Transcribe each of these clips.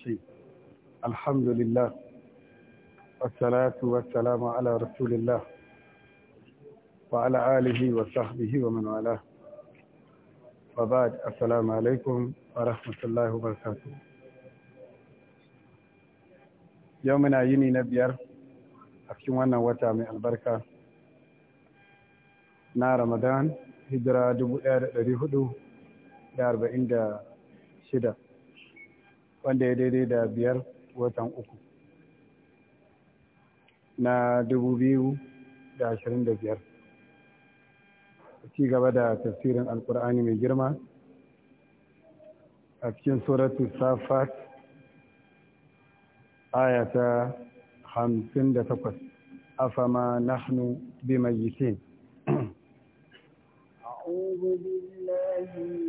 nafsi alhamdulillah wasalatu wasalamu ala rasulillah wa alihi wa sahbihi wa wa ba'd assalamu alaikum wa rahmatullahi wa barakatuh yau muna yini na biyar a cikin wannan wata mai albarka na ramadan hijira da shida. wanda ya daidai da biyar watan uku na dubu biyu da ashirin da biyar ci gaba da tafsirin alkur'ani mai girma a cikin suratu safat aya hamsin da takwas afama nahnu bimayyitin أعوذ بالله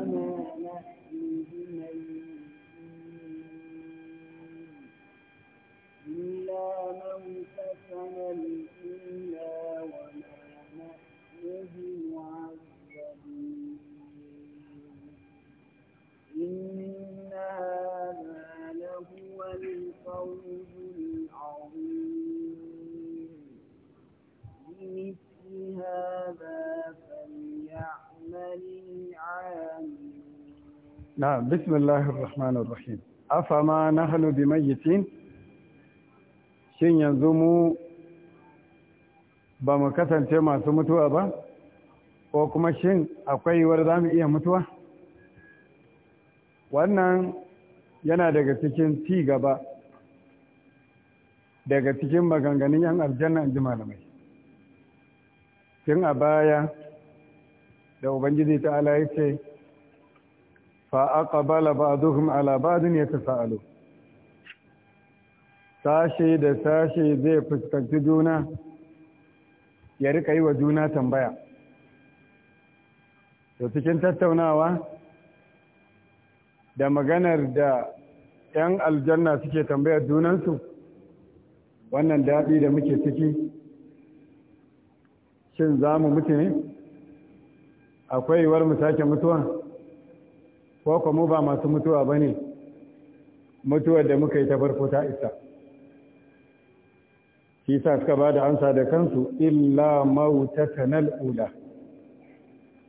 وما نحن بميتين na'am bismillahir rahmanir rahim afama nahnu bimayyitin shin yanzu mu ba mu kasance masu mutuwa ba ko kuma shin akwai yiwuwar zamu iya mutuwa wannan yana daga cikin ci gaba daga cikin maganganun yan aljanna malamai shin a baya da ubangiji ta ala ya ba فأقبل بعضهم على بعض يتساءلوا sashe da sashe zai fuskanci juna ya rika yi wa juna tambaya to cikin tattaunawa da maganar da 'yan aljanna suke tambayar junansu wannan daɗi da muke ciki shin za mu mutu ne akwai yiwuwar mu sake mutuwa ko mu ba masu mutuwa ba ne mutuwar da muka yi ta farko ta isa shi sa suka ba da ansa da kansu illa kanal ula,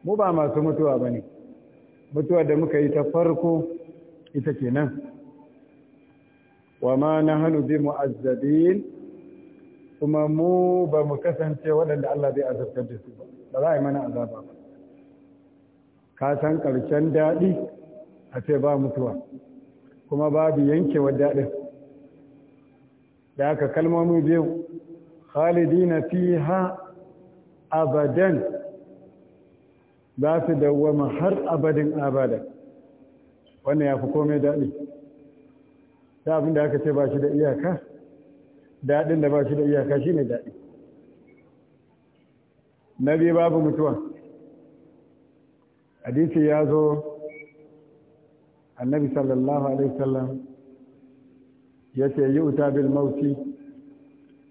mu ba masu mutuwa ba ne mutuwar da muka yi ta farko ita ke nan wa ma na hannu bi mu'azzabin kuma mu ba mu kasance waɗanda Allah zai azabtar da su ba ba za a yi mana azaba ba ka san karshen daɗi a ce ba mutuwa kuma babu yankewar daɗin da aka kalmomi biyu fi ha abadan za su dawwama har abadin abada wannan ya fi komai daɗi ta abin da aka ce ba shi da iyaka daɗin da ba shi da iyaka shi ne daɗi na biyu babu mutuwa hadisi ya zo annabi sallallahu alaihi wasallam ya ce yi uta bil mauti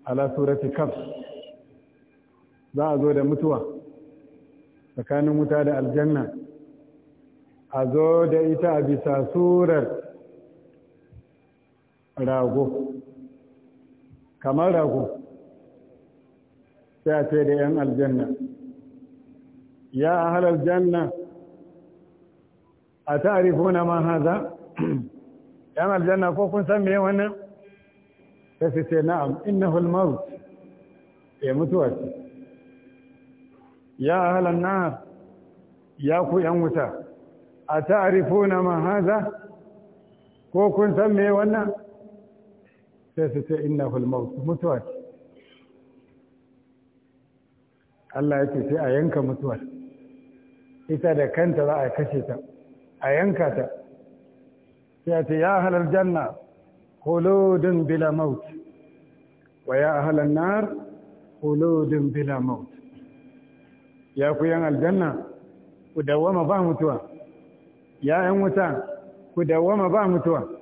ala surati kaf za a zo da mutuwa tsakanin wuta da aljanna a zo da ita a bisa surar rago kamar rago sai a ce da 'yan aljanna ya a halar janna a ta'arifuna ma haza yan aljanna ko kun san me wannan sai su ce na'am innahu al-maut ya mutuwa ce ya ahlan nar ya ku yan wuta a ta'arifuna ma haza ko kun san me wannan sai su ce innahu al-maut mutuwa ce Allah ya ce sai a yanka mutuwar ita da kanta za a kashe ta a yanka ta sai ce ya halar janna khuludun bila maut wa ya halar nar khuludun bila maut ya ku yan aljanna ku dawwama ba mutuwa ya yan wuta ku dawwama ba mutuwa